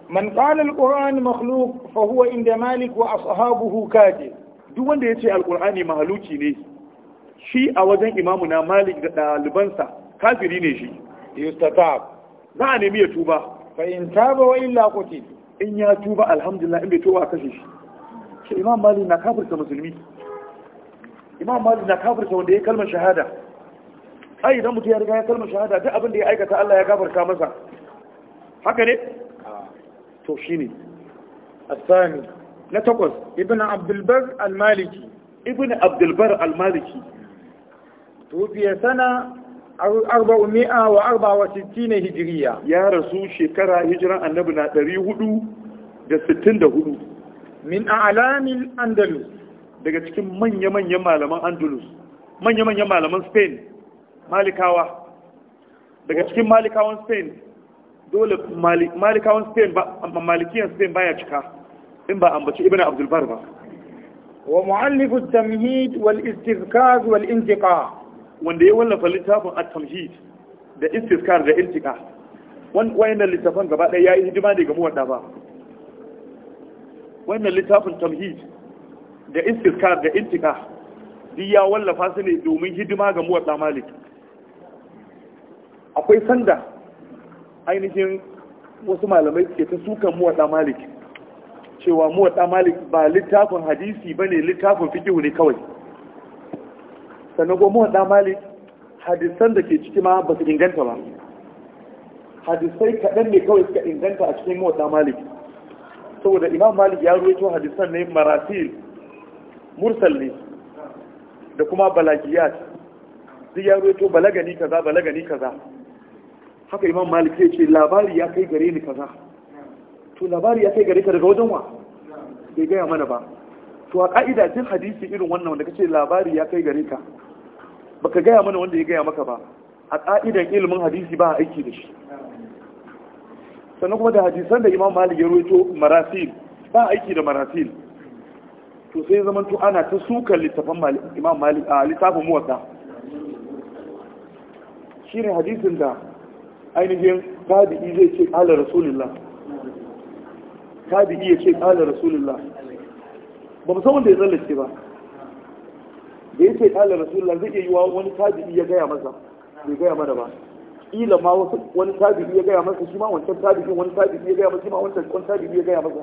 man qala alquran makhluq fa huwa inda malik wa ashabuhu kadi duk wanda ya ce alqurani mahaluki ne shi a wajen imamu na malik da ɗalibansa kafiri ne shi yustatab za a nemi ya tuba fa in taba illa qutil in ya tuba alhamdulillah in bai tuba a kashe shi shi malik na kafirta musulmi imam malik na kafirta wanda ya kalmar shahada ai idan mutum ya riga ya kalmar shahada duk abin da ya aikata Allah ya gafarta masa haka ne to shine asani na takwas ibn abdulbar al-maliki ibn abdulbar al-maliki tufiya sana 464 hijiriya ya rasu shekara hijiran annabi na 464 min a'lamil andalus daga cikin manya-manyan malaman andalus manya-manyan malaman spain malikawa daga cikin malikawan spain dole malikawan spain ba amma malikiyan spain baya cika in ba ambaci ibn abdulbar ba wa mu'allifu at-tamhid wal istizkar wal intiqa wanda ya wallafa littafin at-tamhid da istizkar da intiqa wannan littafin gaba daya yayi hidima ne ga muwadda ba wannan littafin tamhid da intikar da intika duk ya wallafa su ne domin hidima ga muwadda malik akwai sanda ainihin wasu malamai suke ta sukan muwadda malik cewa muwadda malik ba littafin hadisi ba ne littafin fikihu ne kawai sannan ko muwadda malik hadisan da ke ciki ma ba su inganta ba hadisai kaɗan ne kawai suka inganta a cikin muwadda malik saboda imam malik ya ruwaito hadisan ne marasil mursal ne da kuma balagiyat duk ya roto balagani kaza balagani kaza haka imam malik ya ce labari ya kai gare ni kaza to labari ya kai gare ka daga wajen wa bai gaya mana ba to a ka'ida jin hadisi irin wannan wanda kace labari ya kai gare ka baka gaya mana wanda ya gaya maka ba a ka'idan ilimin hadisi ba aiki da shi sannan kuma da hadisan da imam malik ya roto marasil ba aiki da marasil to sai zaman to ana ta suka littafin imam malik a littafin muwasa shi ne hadisin da ainihin tabi'i zai ce kala rasulullah tabi'i ya ce kala rasulullah ba mu san wanda ya tsallace ba da ya ce kala rasulullah zai iya yi wa wani tabi'i ya gaya masa bai gaya mana ba ila ma wasu wani tabi'i ya gaya masa shi ma wancan tabi'in wani tabi'i ya gaya masa shi ma wancan tabi'i ya gaya masa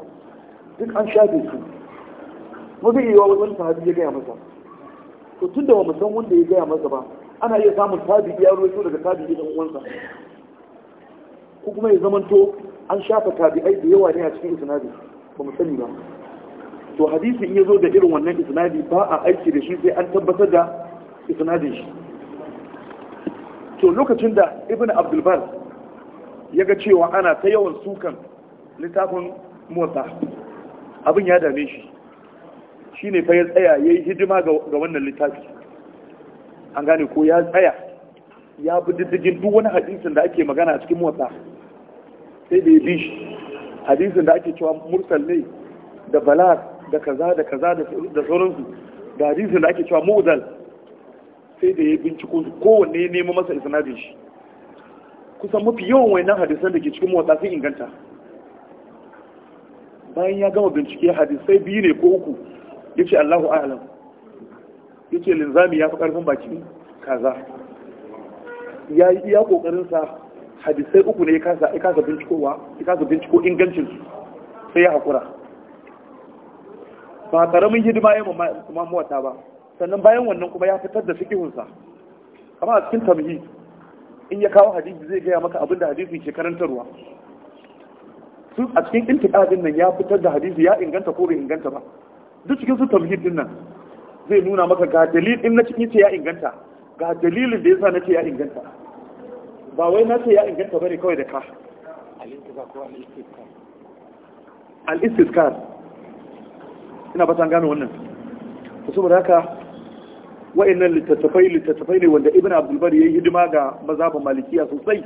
duk an shafe su Mu zai iya wani sahabi ya gaya masa to tunda ba mu san wanda ya gaya masa ba ana iya samun tabi ya ruwaito daga tabi'i dan uwansa ko kuma ya zamanto an shafa tabi'ai da yawa ne a cikin isnadi ba mu sani ba to hadisi in ya zo da irin wannan isnadi ba a aiki da shi sai an tabbatar da isnadin shi to lokacin da ibn abdulbar ya ga cewa ana ta yawan sukan littafin motsa abin ya dame shi Shi ne fa ya tsaya ya yi hidima ga wannan littafi an gane ko ya tsaya ya bi diddigin duk wani hadisin da ake magana a cikin motsa sai da ya bi shi hadisin da ake cewa mursal ne da Balas da kaza da kaza da sauransu da hadisin da ake cewa mu'dal sai da ya binciko su kowanne ya nemo masa isnadin shi kusan mafi yawan wayannan hadisan da ke cikin motsa sun inganta bayan ya gama bincike hadisai biyu ne ko uku ya ce allahu alam ya ce linzami ya fi ƙarfin bakin kaza ya yi iya ƙoƙarinsa hadisai uku ne ya kasa bincikowa binciko ingancinsu sai ya haƙura ba ƙaramin hidima ya mamuwata ba sannan bayan wannan kuma ya fitar da fikihunsa kama a cikin tamhi in ya kawo hadisi zai gaya maka abin da hadisi ke karantarwa a cikin intiƙadin nan ya fitar da hadisi ya inganta ko bai inganta ba duk cikin su tauhid din nan zai nuna maka ga dalil din na cikin ce ya inganta ga dalilin da yasa nace ya inganta ba wai na ce ya inganta bane kawai da ka al-istizkar ina ba tan gano wannan to saboda haka wa'annan littattafai littattafai ne wanda ibn abdul bari yayi hidima ga mazhabin malikiya sosai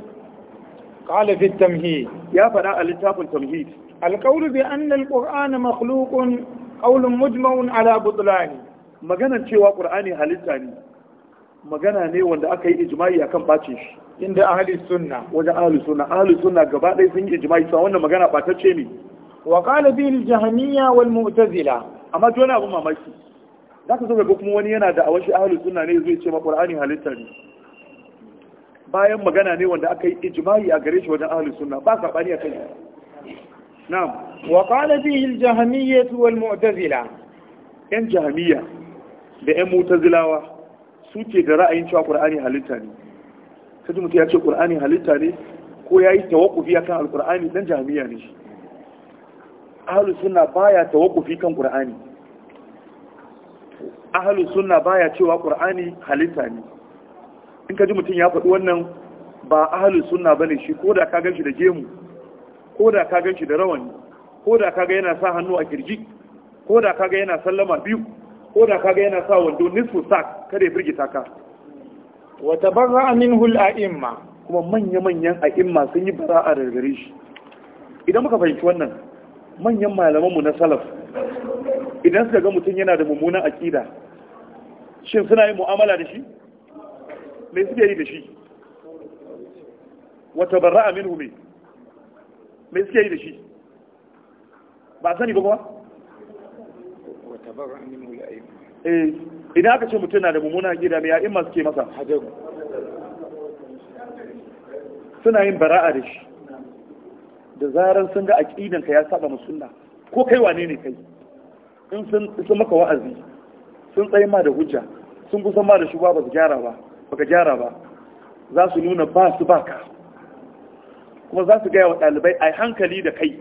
قال في التمهيد يا فناء الكتاب التمهيد القول بأن القرآن مخلوق qaulun mujma'un ala butlani magana cewa qur'ani halitta ne magana ne wanda aka yi ijma'i akan bace shi inda ahli sunna wajen ahli sunna ahli sunna gaba ɗaya sun yi ijma'i cewa wannan magana batacce ne wa qala al jahmiyya wal mu'tazila amma to na abu mamaki zaka so ga kuma wani yana da awashi ahli sunna ne zai ce ma qur'ani halitta ne bayan magana ne wanda aka yi ijma'i a gare shi wajen ahli sunna ba bani a kai. نعم وقال فيه الجهمية والمعتزلة ‘yan jami'a da ‘yan mutazilawa suke da ra'ayin cewa ƙur'ani halitta ne sai mutum ya ce ƙur'ani halitta ne ko ya yi tawakufi kan alƙur'ani ɗan jami'a ne ahalus suna baya tawakufi kan ƙur'ani ahalus suna baya cewa ƙur'ani halitta ne in ka ji mutum ya faɗi wannan ba ahalus suna ne shi ko da ka ganshi da gemu ko da ka ganshi da rawani ko da kaga yana sa hannu a kirji ko da kaga yana sallama biyu ko da kaga yana sa wando nisfu sak kada ya firgita ka wa tabarra'a minhu al-a'imma kuma manya-manyan a'imma sun yi bara'a da gare shi idan muka fahimci wannan manyan mu na salaf idan suka ga mutum yana da mummunan aqida shin suna yin mu'amala da shi mai suke yi da shi wata tabarra'a minhu mai me suke yi da shi ba sani ba kuma eh idan aka ce mutum na da mummuna gida mai ya'in masu ke masa suna yin bara'a da shi da zarar sun ga aƙidanka ya saba suna, ko kai wane ne kai in sun maka wa'azi sun tsaye ma da hujja sun kusan ma da shugaba ba su gyara ba ka gyara ba za su nuna ba su baka kuma za su gaya wa ɗalibai a hankali da kai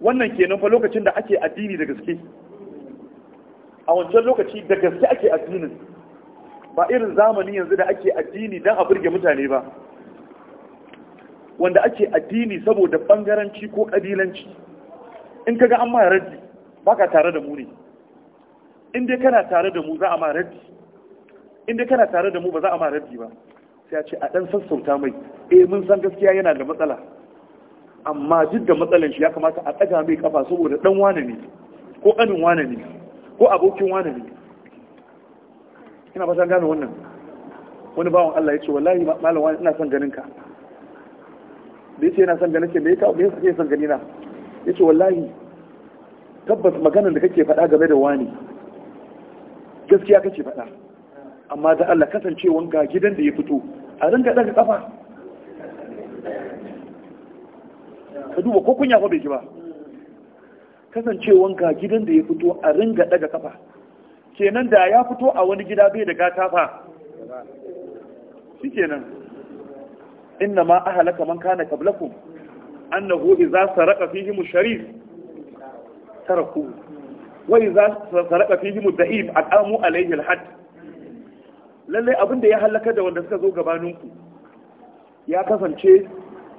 wannan ke fa lokacin da ake addini da gaske a wancan lokaci da gaske ake addinin ba irin zamani yanzu da ake addini don a burge mutane ba wanda ake addini saboda ɓangaranci ko ƙabilanci, in kaga an ma raddi ba ka tare da mu ne in dai kana tare da mu za a ma raddi in dai kana tare da mu ba za a ma raddi ba sai a ce a ɗan sassauta mai eh mun san gaskiya yana da matsala amma duk da matsalan shi ya kamata a ɗaga mai kafa saboda ɗan wane ne ko ƙanin wane ne ko abokin wane ne ina san gane wannan wani bawan Allah ya ce wallahi malam wani ina son ganin ka da ce yana son ganin ka me yasa me yasa san gani na ce wallahi tabbas maganar da kake faɗa game da wani gaskiya kake faɗa amma da Allah kasancewan ga gidan da ya fito a rinka ɗaga kafa ka duba ko kunya ko bai ji ba kasancewanka gidan da ya fito a ringa daga kafa kenan da ya fito a wani gida bai da gata fa shi kenan inna ma ahalaka man kana qablakum annahu idza saraka fihi sharif taraku wa idza saraka fihi mudhaif aqamu alayhi alhad lalle abin da ya halaka da wanda suka zo gabaninku ya kasance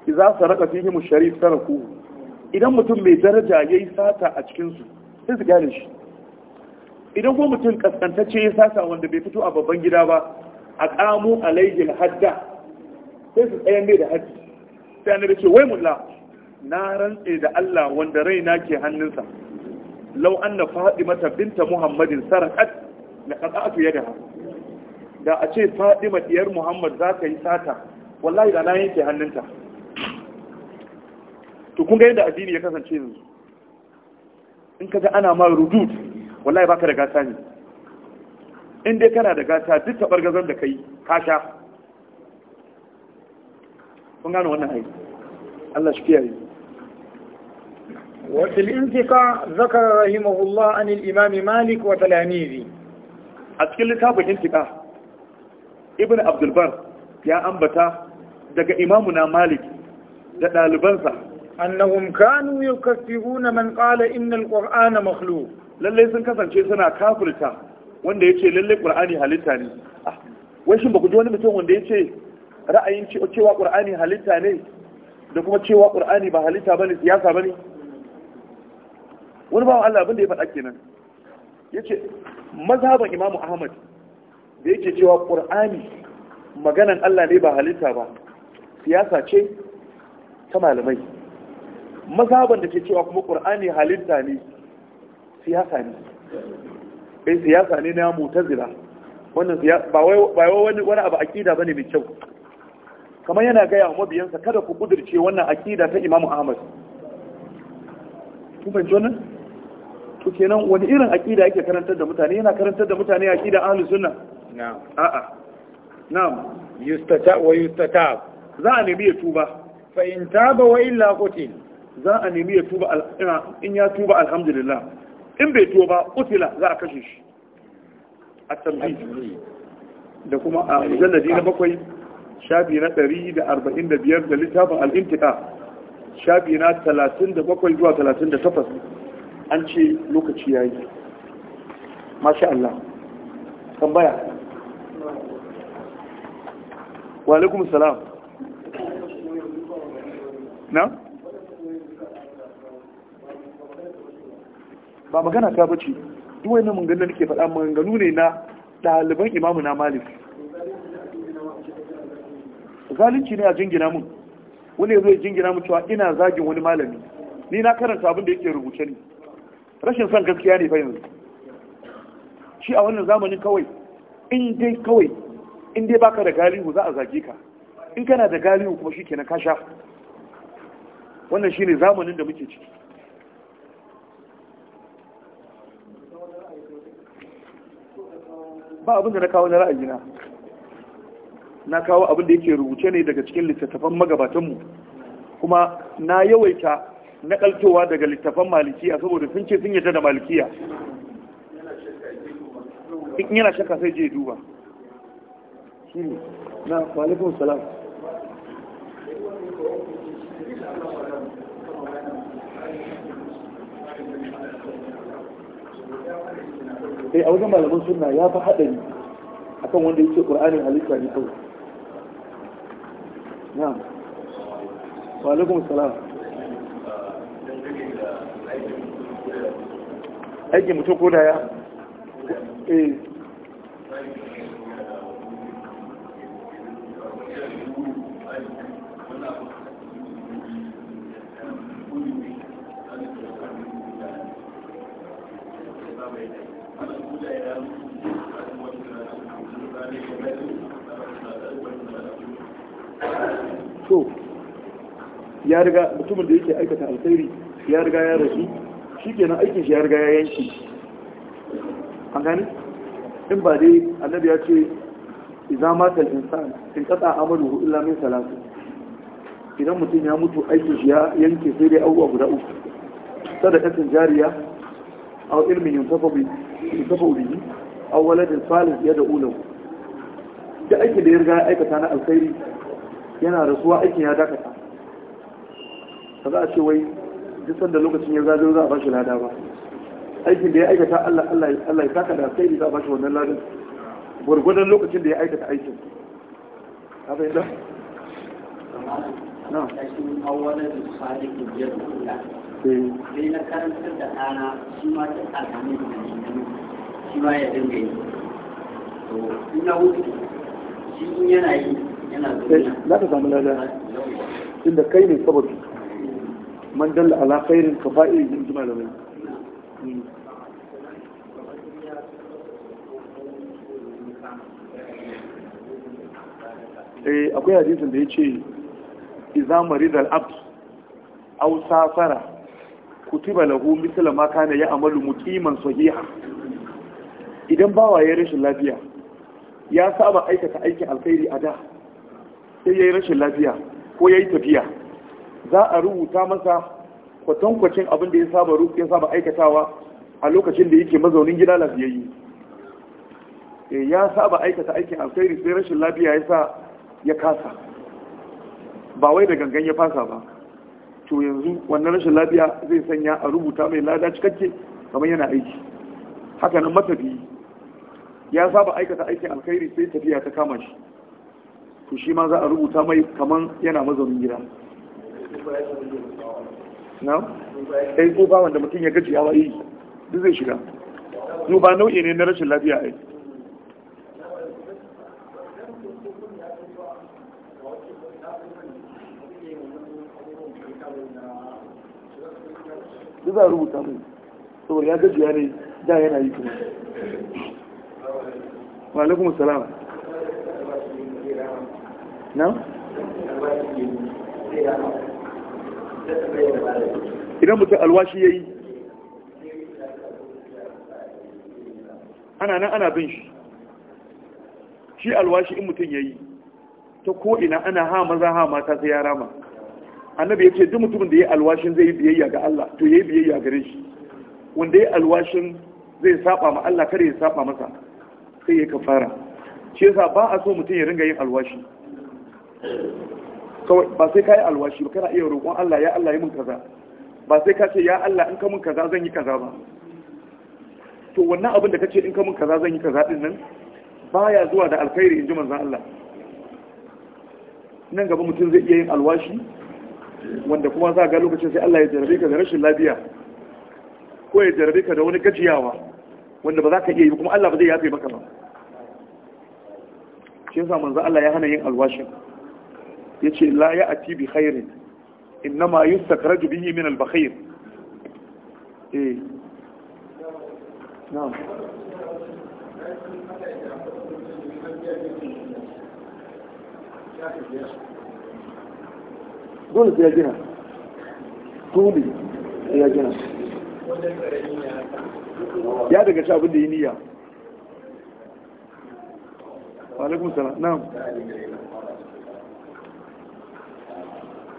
idza saraka fihim sharif taraku idan mutum mai daraja yayi sata a cikin su sai su gane shi idan ko mutum kaskantacce ya sata wanda bai fito a babban gida ba a qamu alayhi hadda sai su tsayan mai da haddi sai annabi ce wai mulla na rantse da Allah wanda raina ke hannunsa law anna fatimata binta muhammadin sarakat la qata'tu yadaha da a ce fatima diyar muhammad za ka yi sata wallahi da na yanke hannunta to kun ga yadda addini ya kasance yanzu in ka ga ana ma rudud wallahi baka da gata ne in dai kana da gata duk tabargazon da kai ka sha kun gano wannan hayi Allah shi kiyaye وفي الانتقاء ذكر رحمه الله عن الإمام مالك وتلاميذه أتكلم كتاب الانتقاء ابن عبد البر ya ambata daga imamuna malik da ɗalibansa annahum kanu yukaffiruna man qala inna alqur'ana makhluq lalle sun kasance suna kafirta wanda yace lalle qur'ani halitta ne wai shin ba ku ji wani mutum wanda yace ra'ayin cewa qur'ani halitta ne da kuma cewa qur'ani ba halitta bane siyasa bane wani bawan Allah abinda da ya faɗa kenan yace mazhaban Imam Ahmad da yake cewa qur'ani maganan Allah ne ba halitta ba siyasa ce ta malamai mazhaban da ke cewa kuma qur'ani halitta ne siyasa ne eh siyasa ne na mu'tazila wannan ba wai ba wani wani abu akida bane mai kyau kamar yana gaya wa mabiyansa kada ku kudirce wannan akida ta Imam Ahmad kun fahimci wannan to kenan wani irin akida yake karantar da mutane yana karantar da mutane akida ahlus sunna na'am a'a na'am yustata wa yustata za a nemi ya tuba fa in taba wa illa qutil za a nemi ya tuba in ya tuba alhamdulillah in bai tuba utila za a kashe shi a tambayi da kuma a mujalladi na bakwai shafi na ɗari da arba'in da da biyar littafin al'intika shafi na talatin da bakwai zuwa talatin da takwas an ce lokaci ya yi masha Allah tambaya wa alaikum salam na? ba magana ta bace duk wannan maganganu nake faɗa ganu ne na ɗaliban imamu na malik zalunci ne a jingina mun wani ya zo ya jingina mun cewa ina zagin wani malami ni na karanta abin da yake rubuce ni rashin son gaskiya ne fa yanzu shi a wannan zamanin kawai in dai kawai in dai baka da galihu za a zage ka in kana da galihu kuma shi kenan ka sha wannan shi ne zamanin da muke ciki ba abin da na kawo na ra'ayina na kawo abin da yake rubuce ne daga cikin littattafan magabatanmu kuma na yawaita nakaltowa daga littattafan malikiya saboda sun ce sun yadda da malikiya in yana shaka sai je duba shi ne na salam eh a wajen malaman suna ya fi haɗari kan wanda yake qur'anin halitta ne kawai na wa salam aikin mutum ko da ya eh ya riga mutumin da yake aikata alkhairi ya riga ya rasu shikenan aikin shi ya riga ya yanki an gani in ba dai annabi ya ce idan matal insan in kasa amalu illa min salatu idan mutum ya mutu aikin shi ya yanke sai dai abubuwa guda uku sadakatin jariya aw ilmin yuntafa bi yuntafa bihi aw waladin salih yad'u lahu da aikin da ya riga ya aikata na alkhairi yana rasuwa aikin ya dakata ba za a ce wai duk sanda lokacin ya zazo za a bashi lada ba aikin da ya aikata Allah Allah Allah ya saka da sai za a bashi wannan ladan gurgurdan lokacin da ya aikata aikin ka bai da na cikin awwalan sadiqin jarruda sai na karantar da ɗana shi ma ta tsakanin da shi ma ya dinga yi to ina wuce shi in yana yi yana eh, zuwa za ta samu lada inda kai ne saboda man dalla ala khairin ka fa'il din jima da mai eh akwai hadisin da yace idza maridal abd aw safara kutiba lahu mithla ma kana ya'malu muqiman sahiha idan bawa ya rashin lafiya ya saba aikata aikin alkhairi a da sai ya yi rashin lafiya ko ya yi tafiya za a rubuta masa kwatankwacin abin da ya saba ya saba aikatawa a lokacin da yake mazaunin gida lafiyayye eh, ya saba aikata aikin alkhairi sai rashin lafiya ya sa ya kasa ba wai da gangan ya fasa ba to yanzu wannan rashin lafiya zai sanya a rubuta mai lada cikakke kamar yana aiki haka nan matafi ya saba aikata aikin alkhairi sai tafiya ta kama shi to shi ma za a rubuta mai kamar yana mazaunin gida na? ko tsufa wanda mutum ya gaji yawa yi duk zai shiga ba nau'i ne na rashin lafiya ai duk za a rubuta mu saboda ya gaji ya ne da yana yi kuma wa alaikum na? idan mutum alwashi ya yi ana nan ana bin shi shi alwashi in mutum ya yi ta ko'ina ana ha maza ha mata sai ya rama annabi ya ce duk mutumin da ya yi alwashin zai yi biyayya ga Allah to ya yi biyayya gare shi wanda ya yi alwashin zai saba ma Allah kare ya saba masa sai ya kafara shi yasa ba a so mutum ya ringa yin alwashi kawai ba sai ka yi alwashi ba kana iya roƙon Allah ya Allah yi min kaza ba sai ka ce ya Allah in ka min kaza zan yi kaza ba to wannan abin da ka ce in ka min kaza zan yi kaza din nan baya zuwa da alkhairi in ji manzon Allah nan gaba mutum zai iya yin alwashi wanda kuma za ga lokacin sai Allah ya jarabe ka da rashin lafiya ko ya jarabe ka da wani gajiyawa wanda ba za ka iya yi kuma Allah ba zai yafe maka ba shi yasa manzo Allah ya hana yin alwashin yace la ati bi khairin innama yustakraju bihi min al-bakhil eh na'am dole ya gina dole ya gina ya daga ci abin da yi niyya wa alaikum na'am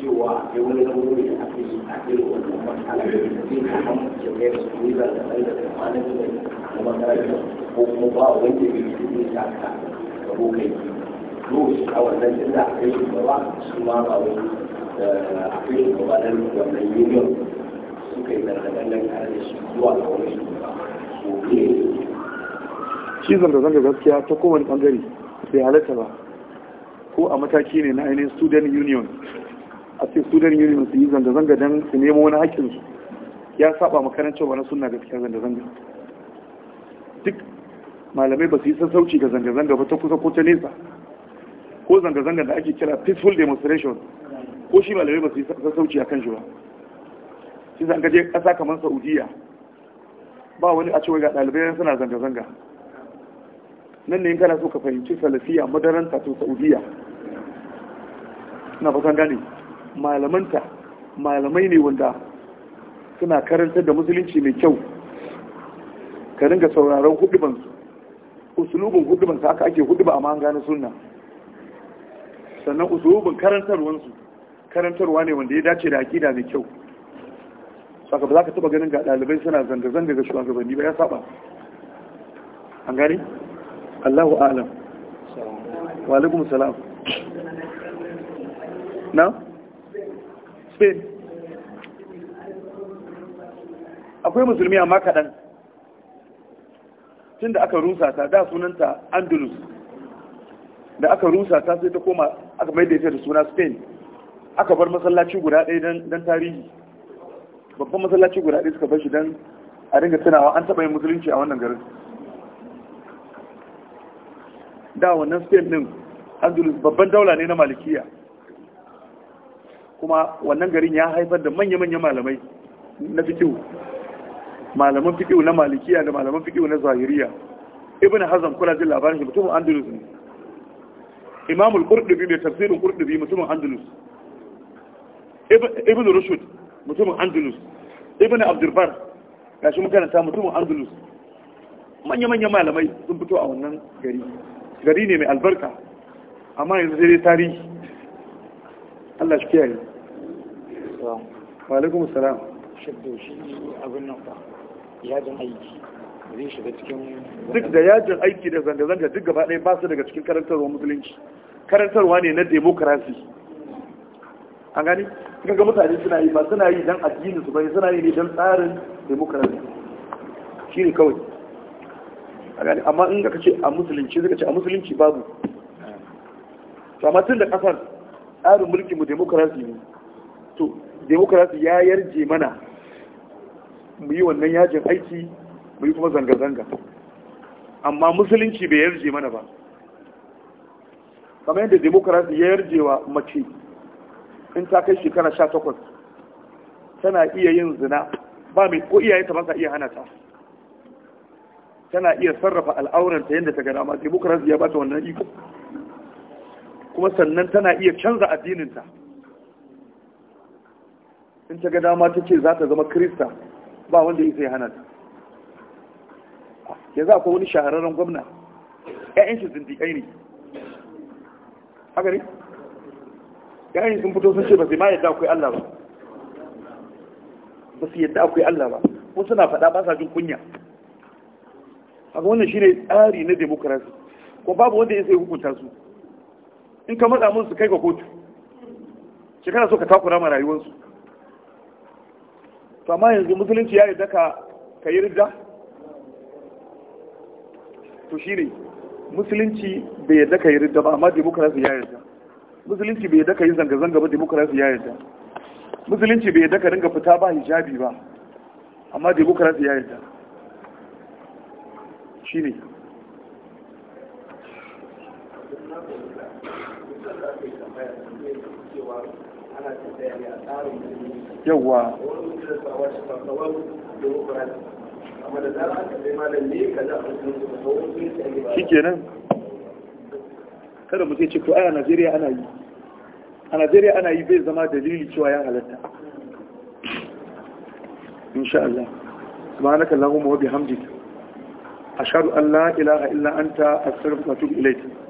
cewa akwai wani nauyi da ake yi a irin wannan matsala da zai kama ya kai da su da tsaye da tsammanin da na makaranta ko kuma ba wanda ya yi zai sa ka ga bokai dole a wannan din da akwai shugaba su ma ba wani eh, akwai shugaba na wannan union suka yi zanga-zangar tare da shi zuwa ga wani shugaba shi zanga-zanga gaskiya ta kowane bangare bai halatta ba ko a mataki ne na ainihin student union a ce student union su yi zanga-zanga don su nemo wani hakkin su ya saba makarancin wani suna gaskiya zanga-zanga duk malamai ba su yi sassauci ga zanga-zanga ba ta kusa ko ta nesa ko zanga-zanga da ake kira peaceful demonstration ko shi malamai ba su yi sassauci a kan shi ba shi zanga je ƙasa kamar saudiya ba wani a cewa ga ɗalibai suna zanga-zanga nan ne in kana so ka fahimci salafiya madaranta to saudiya na fasan gane malamanta malamai ne wanda suna karantar da musulunci mai kyau ka ringa sauraron hudubansu usulubin hudubansu haka ake hudubu a an gane suna sannan usulubin karantarwansu karantarwa ne wanda ya dace da akida mai kyau saka ba za ka taba ganin ga ɗalibai suna zanga-zanga ga shugabanni ba ya saba an gani? Allahu alam wa alaikum salam na? spain akwai musulmi amma kaɗan tun da aka rusa ta da sunanta andalus da aka rusa ta sai ta koma aka mai da da suna spain aka bar masallaci guda ɗaya don tarihi babban masallaci guda ɗaya suka bar shi don a ringa tunawa an taɓa yin musulunci a wannan garin da wannan spain din andalus babban daula ne na malikiya kuma wannan garin ya haifar da manya-manyan malamai na fikiyu malaman fikiyu na malikiya da malaman fikiyu na zahiriya ibn hazan kula jin labarin shi mutumin andalus ne imamul kurdubi mai tafsirin kurdubi mutumin andalus ibn rushud mutumin andalus ibn abdul ga shi muka ta mutumin andalus manya-manyan malamai sun fito a wannan gari gari ne mai albarka amma yanzu sai dai tarihi Allah shi kiyaye salam wa alaikum salam shaddo shi abin nan fa yajin aiki zai shiga cikin duk da yajin aiki da zanga-zanga duk gaba ɗaya ba su daga cikin karantarwa musulunci karantarwa ne na demokarasi an gani in ga mutane suna yi ba suna yi don addini su bane suna yi ne don tsarin demokarasi shi ne kawai a gani amma in ka ce a musulunci zaka ce a musulunci babu to amma tun da kasar tsarin mulkin mu demokarasi ne to demokrasi ya yarje mana mu yi wannan yajin aiki mu yi kuma zanga-zanga amma musulunci bai yarje mana ba kamar yadda demokrasi ya yarje wa mace in ta kai shekara sha takwas tana iya yin zina ba mai ko iyaye ta iya hana ta tana iya sarrafa al'auranta yadda ta gada ma demokrasi ya bata wannan iko kuma sannan tana iya canza addininta in ta ga dama ta ce za ta zama krista ba wanda isa ya hana ta yanzu akwai wani shahararren gwamna 'ya'yan shi zindiƙai ne a gari 'ya'yan sun fito sun ce ba su ma yadda akwai Allah ba ba su yadda akwai Allah ba ko suna faɗa ba sa jin kunya haka wannan shi ne tsari na demokarasi ko babu wanda ya sai hukunta su in ka matsa musu kai ga kotu shekara so ka takura ma rayuwarsu amma yanzu musulunci ya yarda ka ka yi rida to shi ne musulunci bai yarda ka yi rida ba amma demokarasi ya yarda musulunci bai yarda ka yi zanga-zanga ba demokarasi ya yarda musulunci bai yarda ka ringa fita ba hijabi ba amma demokarasi ya yarda shi ne yawwa da sawa shi kada mu ce to ai a Najeriya ana yi a Najeriya ana yi bai zama dalili cewa ya halatta insha Allah subhanaka allahumma wa bihamdika ashhadu an la ilaha illa anta astaghfiruka wa atubu ilayk